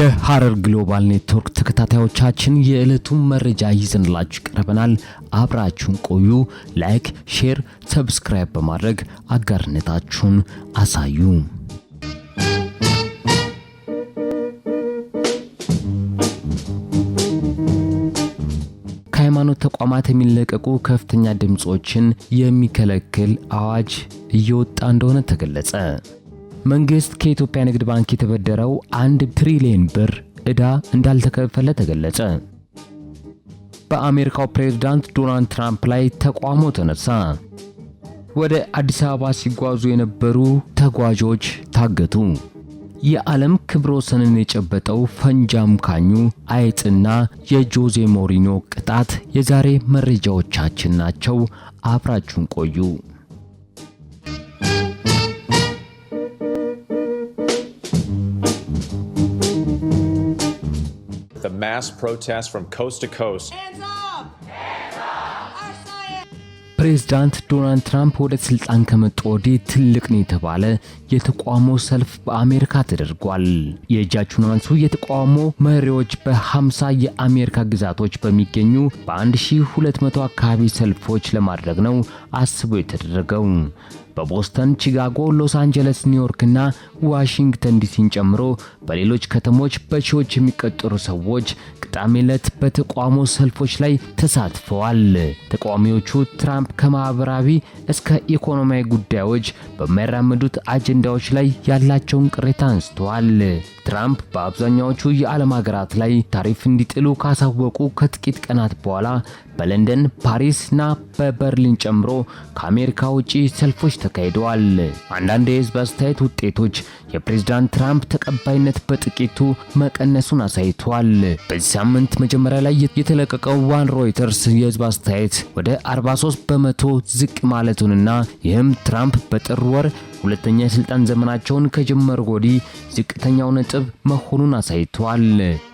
የሐረር ግሎባል ኔትወርክ ተከታታዮቻችን የዕለቱን መረጃ ይዘንላችሁ ቀርበናል። አብራችሁን ቆዩ። ላይክ፣ ሼር፣ ሰብስክራይብ በማድረግ አጋርነታችሁን አሳዩ። ከሃይማኖት ተቋማት የሚለቀቁ ከፍተኛ ድምፆችን የሚከለክል አዋጅ እየወጣ እንደሆነ ተገለጸ። መንግስት ከኢትዮጵያ ንግድ ባንክ የተበደረው አንድ ትሪሊየን ብር ዕዳ እንዳልተከፈለ ተገለጸ። በአሜሪካው ፕሬዝዳንት ዶናልድ ትራምፕ ላይ ተቃውሞ ተነሳ። ወደ አዲስ አበባ ሲጓዙ የነበሩ ተጓዦች ታገቱ። የዓለም ክብረ ወሰንን የጨበጠው ፈንጃም ካኙ አይጥና የጆዜ ሞሪኖ ቅጣት የዛሬ መረጃዎቻችን ናቸው። አብራችሁን ቆዩ። mass protests from coast to coast. ፕሬዝዳንት ዶናልድ ትራምፕ ወደ ስልጣን ከመጡ ወዲህ ትልቅ ነው የተባለ የተቃውሞ ሰልፍ በአሜሪካ ተደርጓል። የእጃችሁን አንሱ የተቃውሞ መሪዎች በ50 የአሜሪካ ግዛቶች በሚገኙ በ1200 አካባቢ ሰልፎች ለማድረግ ነው አስቦ የተደረገው። በቦስተን፣ ቺካጎ፣ ሎስ አንጀለስ፣ ኒውዮርክ እና ዋሽንግተን ዲሲን ጨምሮ በሌሎች ከተሞች በሺዎች የሚቀጠሩ ሰዎች ቅዳሜ ዕለት በተቃውሞ ሰልፎች ላይ ተሳትፈዋል። ተቃዋሚዎቹ ትራምፕ ከማህበራዊ እስከ ኢኮኖሚያዊ ጉዳዮች በሚያራምዱት አጀንዳዎች ላይ ያላቸውን ቅሬታ አንስተዋል። ትራምፕ በአብዛኛዎቹ የዓለም ሀገራት ላይ ታሪፍ እንዲጥሉ ካሳወቁ ከጥቂት ቀናት በኋላ በለንደን፣ ፓሪስ እና በበርሊን ጨምሮ ከአሜሪካ ውጪ ሰልፎች ተካሂደዋል። አንዳንድ የህዝብ አስተያየት ውጤቶች የፕሬዝዳንት ትራምፕ ተቀባይነት በጥቂቱ መቀነሱን አሳይቷል። በዚህ ሳምንት መጀመሪያ ላይ የተለቀቀው ዋን ሮይተርስ የህዝብ አስተያየት ወደ 43 በመቶ ዝቅ ማለቱንና ይህም ትራምፕ በጥር ወር ሁለተኛ የስልጣን ዘመናቸውን ከጀመሩ ወዲህ ዝቅተኛው ነጥብ መሆኑን አሳይተዋል።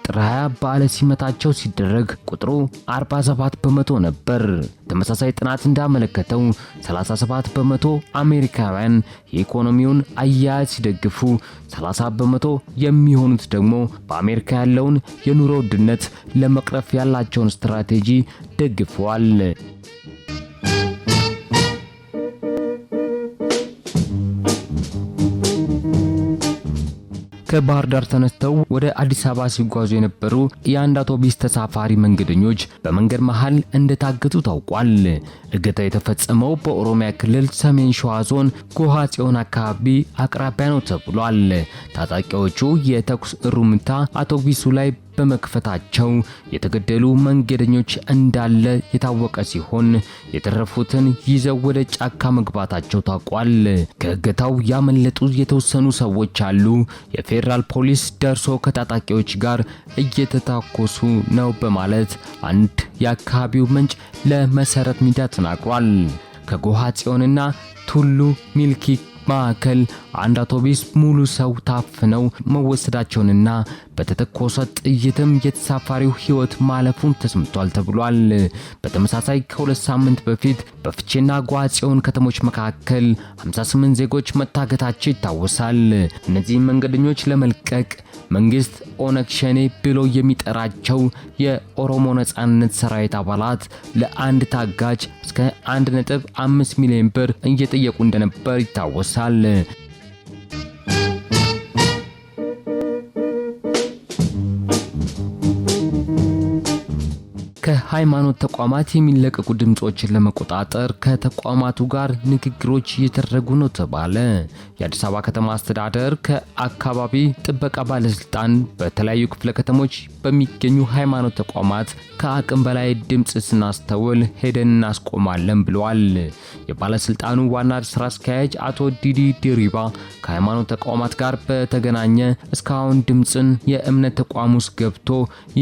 ጥር 20 በዓለ ሲመታቸው ሲደረግ ቁጥሩ 47 በመቶ ነበር። ተመሳሳይ ጥናት እንዳመለከተው 37 በመቶ አሜሪካውያን የኢኮኖሚውን አያያዝ ሲደግፉ፣ 30 በመቶ የሚሆኑት ደግሞ በአሜሪካ ያለውን የኑሮ ውድነት ለመቅረፍ ያላቸውን ስትራቴጂ ደግፈዋል። ከባህር ዳር ተነስተው ወደ አዲስ አበባ ሲጓዙ የነበሩ የአንድ አውቶቡስ ተሳፋሪ መንገደኞች በመንገድ መሃል እንደታገቱ ታውቋል። እገታ የተፈጸመው በኦሮሚያ ክልል ሰሜን ሸዋ ዞን ጎሃ ጽዮን አካባቢ አቅራቢያ ነው ተብሏል። ታጣቂዎቹ የተኩስ እሩምታ አውቶቡሱ ላይ በመክፈታቸው የተገደሉ መንገደኞች እንዳለ የታወቀ ሲሆን የተረፉትን ይዘው ወደ ጫካ መግባታቸው ታውቋል። ከእገታው ያመለጡ የተወሰኑ ሰዎች አሉ። የፌዴራል ፖሊስ ደርሶ ከታጣቂዎች ጋር እየተታኮሱ ነው በማለት አንድ የአካባቢው ምንጭ ለመሰረት ሚዲያ ተናግሯል። ከጎሃ ጽዮንና ቱሉ ሚልኪ ማዕከል አንድ አውቶቡስ ሙሉ ሰው ታፍነው መወሰዳቸውንና በተተኮሰ ጥይትም የተሳፋሪው ህይወት ማለፉን ተሰምቷል ተብሏል። በተመሳሳይ ከሁለት ሳምንት በፊት በፍቼና ጓጽዮን ከተሞች መካከል 58 ዜጎች መታገታቸው ይታወሳል። እነዚህ መንገደኞች ለመልቀቅ መንግስት ኦነግ ሸኔ ብሎ የሚጠራቸው የኦሮሞ ነጻነት ሰራዊት አባላት ለአንድ ታጋጅ እስከ 1.5 ሚሊዮን ብር እየጠየቁ እንደነበር ይታወሳል። ከሃይማኖት ተቋማት የሚለቀቁ ድምጾችን ለመቆጣጠር ከተቋማቱ ጋር ንግግሮች እየተደረጉ ነው ተባለ። የአዲስ አበባ ከተማ አስተዳደር ከአካባቢ ጥበቃ ባለስልጣን በተለያዩ ክፍለ ከተሞች በሚገኙ ሃይማኖት ተቋማት ከአቅም በላይ ድምፅ ስናስተውል ሄደን እናስቆማለን ብለዋል። የባለስልጣኑ ዋና ስራ አስኪያጅ አቶ ዲዲ ዲሪባ ከሃይማኖት ተቋማት ጋር በተገናኘ እስካሁን ድምፅን የእምነት ተቋም ውስጥ ገብቶ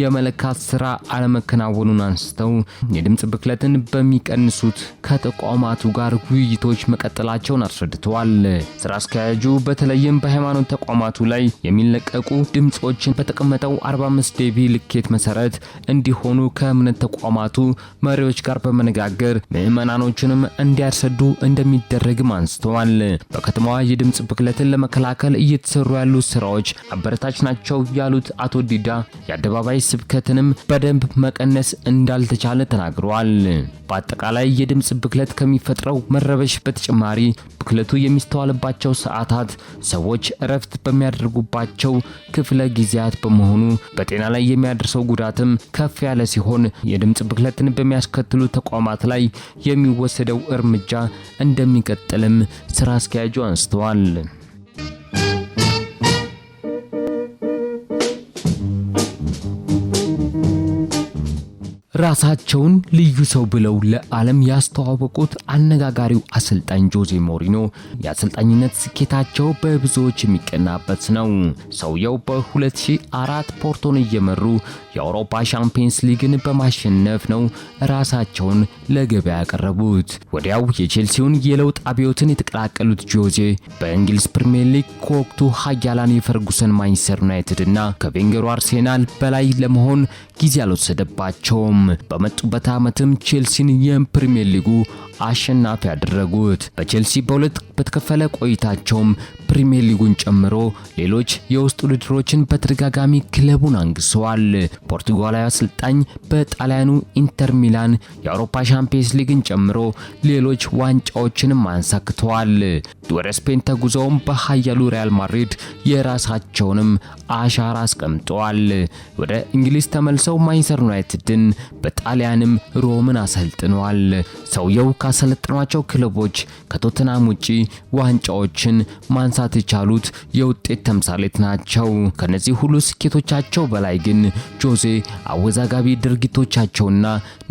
የመለካት ስራ አለመከናወኑን አንስ ተነስተው የድምፅ ብክለትን በሚቀንሱት ከተቋማቱ ጋር ውይይቶች መቀጠላቸውን አስረድተዋል። ስራ አስኪያጁ በተለይም በሃይማኖት ተቋማቱ ላይ የሚለቀቁ ድምፆችን በተቀመጠው 45 ዴቢ ልኬት መሰረት እንዲሆኑ ከእምነት ተቋማቱ መሪዎች ጋር በመነጋገር ምዕመናኖችንም እንዲያሰዱ እንደሚደረግም አንስተዋል። በከተማዋ የድምፅ ብክለትን ለመከላከል እየተሰሩ ያሉ ስራዎች አበረታች ናቸው ያሉት አቶ ዲዳ የአደባባይ ስብከትንም በደንብ መቀነስ እንዳ እንዳልተቻለ ተናግረዋል። በአጠቃላይ የድምፅ ብክለት ከሚፈጥረው መረበሽ በተጨማሪ ብክለቱ የሚስተዋልባቸው ሰዓታት ሰዎች እረፍት በሚያደርጉባቸው ክፍለ ጊዜያት በመሆኑ በጤና ላይ የሚያደርሰው ጉዳትም ከፍ ያለ ሲሆን የድምፅ ብክለትን በሚያስከትሉ ተቋማት ላይ የሚወሰደው እርምጃ እንደሚቀጥልም ስራ አስኪያጁ አንስተዋል። ራሳቸውን ልዩ ሰው ብለው ለዓለም ያስተዋወቁት አነጋጋሪው አሰልጣኝ ጆዜ ሞሪኖ የአሰልጣኝነት ስኬታቸው በብዙዎች የሚቀናበት ነው። ሰውየው በ2004 ፖርቶን እየመሩ የአውሮፓ ሻምፒየንስ ሊግን በማሸነፍ ነው ራሳቸውን ለገበያ ያቀረቡት። ወዲያው የቼልሲውን የለውጥ አብዮትን የተቀላቀሉት ጆዜ በእንግሊዝ ፕሪምየር ሊግ ከወቅቱ ሀያላን የፈርጉሰን ማንቸስተር ዩናይትድ እና ከቬንገሩ አርሴናል በላይ ለመሆን ጊዜ አልወሰደባቸውም። በመጡበት ዓመትም ቼልሲን የፕሪሚየር ሊጉ አሸናፊ ያደረጉት። በቼልሲ በሁለት በተከፈለ ቆይታቸውም ፕሪሚየር ሊጉን ጨምሮ ሌሎች የውስጥ ውድድሮችን በተደጋጋሚ ክለቡን አንግሰዋል። ፖርቱጋላዊ አሰልጣኝ በጣሊያኑ ኢንተር ሚላን የአውሮፓ ሻምፒየንስ ሊግን ጨምሮ ሌሎች ዋንጫዎችንም አንሳክተዋል። ወደ ስፔን ተጉዘውም በሀያሉ ሪያል ማድሪድ የራሳቸውንም አሻራ አስቀምጠዋል። ወደ እንግሊዝ ተመልሰው ማንችስተር ዩናይትድን በጣሊያንም ሮምን አሰልጥነዋል። ሰውየው ካሰለጠኗቸው ክለቦች ከቶትናም ውጪ ዋንጫዎችን ማንሳት ማንሳት የቻሉት የውጤት ተምሳሌት ናቸው። ከነዚህ ሁሉ ስኬቶቻቸው በላይ ግን ጆዜ አወዛጋቢ ድርጊቶቻቸውና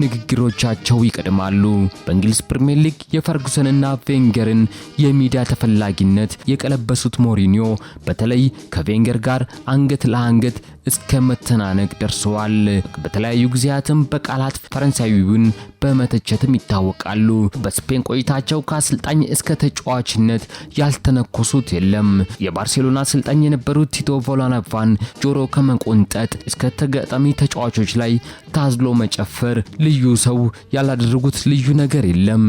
ንግግሮቻቸው ይቀድማሉ። በእንግሊዝ ፕሪሚየር ሊግ የፈርጉሰንና ቬንገርን የሚዲያ ተፈላጊነት የቀለበሱት ሞሪኒዮ በተለይ ከቬንገር ጋር አንገት ለአንገት እስከ መተናነቅ ደርሰዋል። በተለያዩ ጊዜያትም በቃላት ፈረንሳዊውን በመተቸትም ይታወቃሉ። በስፔን ቆይታቸው ከአሰልጣኝ እስከ ተጫዋችነት ያልተነኮሱት የለም። የባርሴሎና አሰልጣኝ የነበሩት ቲቶ ቮላናቫን ጆሮ ከመቆንጠጥ እስከ ተጋጣሚ ተጫዋቾች ላይ ታዝሎ መጨፈር ልዩ ሰው ያላደረጉት ልዩ ነገር የለም።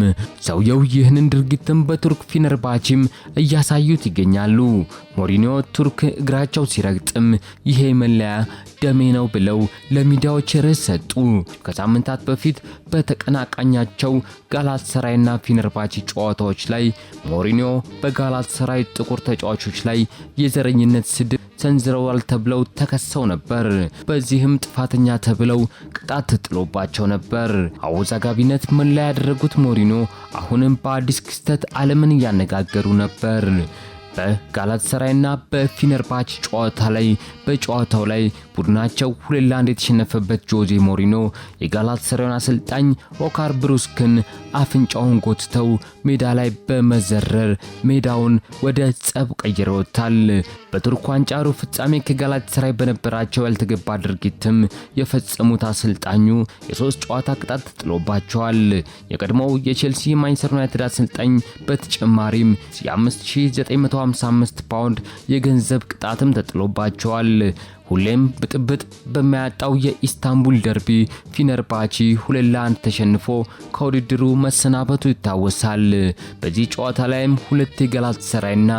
ሰውየው ይህንን ድርጊትም በቱርክ ፊነርባችም እያሳዩት ይገኛሉ። ሞሪኒዮ ቱርክ እግራቸው ሲረግጥም ይሄ መለያ ደሜ ነው ብለው ለሚዲያዎች ርዕስ ሰጡ። ከሳምንታት በፊት በተቀናቃኛቸው ጋላት ሰራይና ፊነርባቺ ጨዋታዎች ላይ ሞሪኒዮ በጋላት ሰራይ ጥቁር ጥቁር ተጫዋቾች ላይ የዘረኝነት ስድብ ሰንዝረዋል ተብለው ተከሰው ነበር። በዚህም ጥፋተኛ ተብለው ቅጣት ጥሎባቸው ነበር። አወዛጋቢነት ላይ ያደረጉት ሞሪኖ አሁንም በአዲስ ክስተት ዓለምን እያነጋገሩ ነበር። በጋላትሰራይና በፊነርባች ጨዋታ ላይ በጨዋታው ላይ ቡድናቸው ሁለት ለአንድ የተሸነፈበት ጆዜ ሞሪኖ የጋላትሰራዩን አሰልጣኝ ኦካር ብሩስክን አፍንጫውን ጎትተው ሜዳ ላይ በመዘረር ሜዳውን ወደ ጸብ ቀይረውታል። በቱርክ ዋንጫ ሩብ ፍጻሜ ከጋላትሰራይ በነበራቸው ያልተገባ ድርጊትም የፈጸሙት አሰልጣኙ የሶስት ጨዋታ ቅጣት ተጥሎባቸዋል። የቀድሞው የቼልሲ ማንችስተር ዩናይትድ አሰልጣኝ በተጨማሪም የ5900 155 ፓውንድ የገንዘብ ቅጣትም ተጥሎባቸዋል። ሁሌም ብጥብጥ በማያጣው የኢስታንቡል ደርቢ ፊነርባቺ ሁለት ለአንድ ተሸንፎ ከውድድሩ መሰናበቱ ይታወሳል። በዚህ ጨዋታ ላይም ሁለት ሰራይና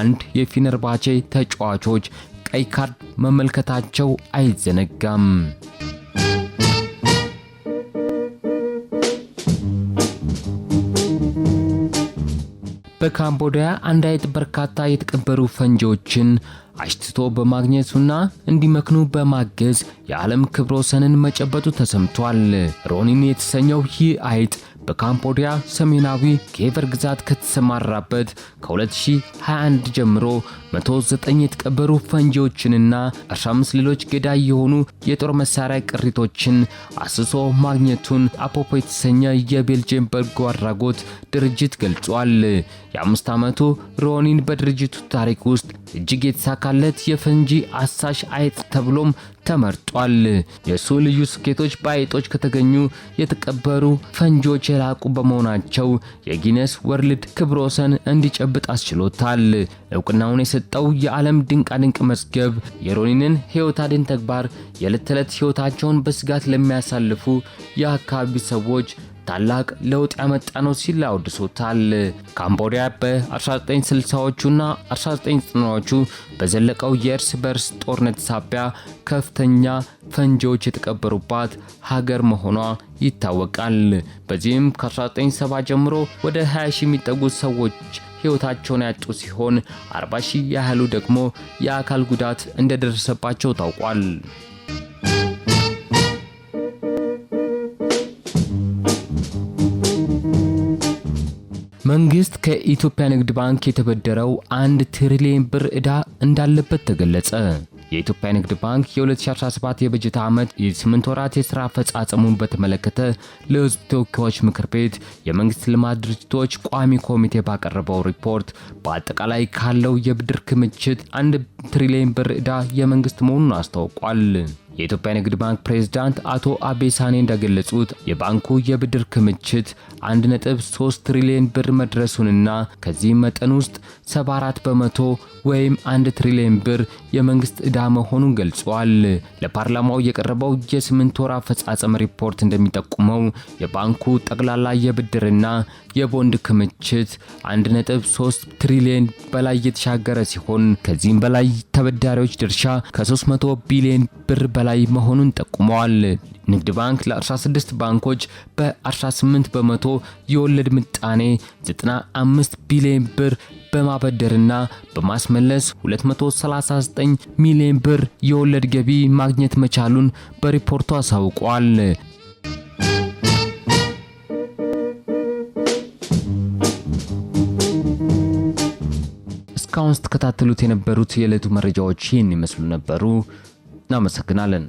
አንድ የፊነርባቺ ተጫዋቾች ቀይ ካርድ መመልከታቸው አይዘነጋም። በካምቦዲያ አንድ አይጥ በርካታ የተቀበሩ ፈንጂዎችን አሽትቶ በማግኘቱና እንዲመክኑ በማገዝ የዓለም ክብረ ወሰንን መጨበጡ ተሰምቷል። ሮኒን የተሰኘው ይህ አይጥ በካምቦዲያ ሰሜናዊ ኬቨር ግዛት ከተሰማራበት ከ2021 ጀምሮ 109 የተቀበሩ ፈንጂዎችንና 15 ሌሎች ገዳይ የሆኑ የጦር መሳሪያ ቅሪቶችን አስሶ ማግኘቱን አፖፖ የተሰኘ የቤልጅየም በጎ አድራጎት ድርጅት ገልጿል። የአምስት ዓመቱ ሮኒን በድርጅቱ ታሪክ ውስጥ እጅግ የተሳካለት የፈንጂ አሳሽ አይጥ ተብሎም ተመርጧል። የእሱ ልዩ ስኬቶች በአይጦች ከተገኙ የተቀበሩ ፈንጂዎች የላቁ በመሆናቸው የጊነስ ወርልድ ክብረ ወሰን እንዲጨብጥ አስችሎታል። እውቅናውን የሰጠው የዓለም ድንቃድንቅ መዝገብ የሮኒንን ሕይወት አድን ተግባር የዕለት ተዕለት ሕይወታቸውን በስጋት ለሚያሳልፉ የአካባቢ ሰዎች ታላቅ ለውጥ ያመጣ ነው ሲል አወድሶታል። ካምቦዲያ በ1960ዎቹና 1990ዎቹ በዘለቀው የእርስ በርስ ጦርነት ሳቢያ ከፍተኛ ፈንጂዎች የተቀበሩባት ሀገር መሆኗ ይታወቃል። በዚህም ከ1970 ጀምሮ ወደ 20 ሺህ የሚጠጉ ሰዎች ህይወታቸውን ያጡ ሲሆን 40 ሺህ ያህሉ ደግሞ የአካል ጉዳት እንደደረሰባቸው ታውቋል። መንግስት ከኢትዮጵያ ንግድ ባንክ የተበደረው አንድ ትሪሊዮን ብር ዕዳ እንዳለበት ተገለጸ። የኢትዮጵያ ንግድ ባንክ የ2017 የበጀት ዓመት የስምንት ወራት የሥራ አፈጻጸሙን በተመለከተ ለሕዝብ ተወካዮች ምክር ቤት የመንግሥት ልማት ድርጅቶች ቋሚ ኮሚቴ ባቀረበው ሪፖርት በአጠቃላይ ካለው የብድር ክምችት አንድ ትሪሊዮን ብር ዕዳ የመንግሥት መሆኑን አስታውቋል። የኢትዮጵያ ንግድ ባንክ ፕሬዝዳንት አቶ አቤ ሳኔ እንደገለጹት የባንኩ የብድር ክምችት 1.3 ትሪሊዮን ብር መድረሱንና ከዚህ መጠን ውስጥ 74 በመቶ ወይም 1 ትሪሊዮን ብር የመንግስት ዕዳ መሆኑን ገልጿል። ለፓርላማው የቀረበው የስምንት ወር አፈጻጸም ሪፖርት እንደሚጠቁመው የባንኩ ጠቅላላ የብድርና የቦንድ ክምችት 1.3 ትሪሊዮን በላይ የተሻገረ ሲሆን ከዚህም በላይ ተበዳሪዎች ድርሻ ከ300 ቢሊዮን ብር በላይ በላይ መሆኑን ጠቁመዋል። ንግድ ባንክ ለ16 ባንኮች በ18 በመቶ የወለድ ምጣኔ 95 ቢሊዮን ብር በማበደርና በማስመለስ 239 ሚሊዮን ብር የወለድ ገቢ ማግኘት መቻሉን በሪፖርቱ አሳውቋል። እስካሁን ስትከታተሉት የነበሩት የዕለቱ መረጃዎች ይህን ይመስሉ ነበሩ። እናመሰግናለን።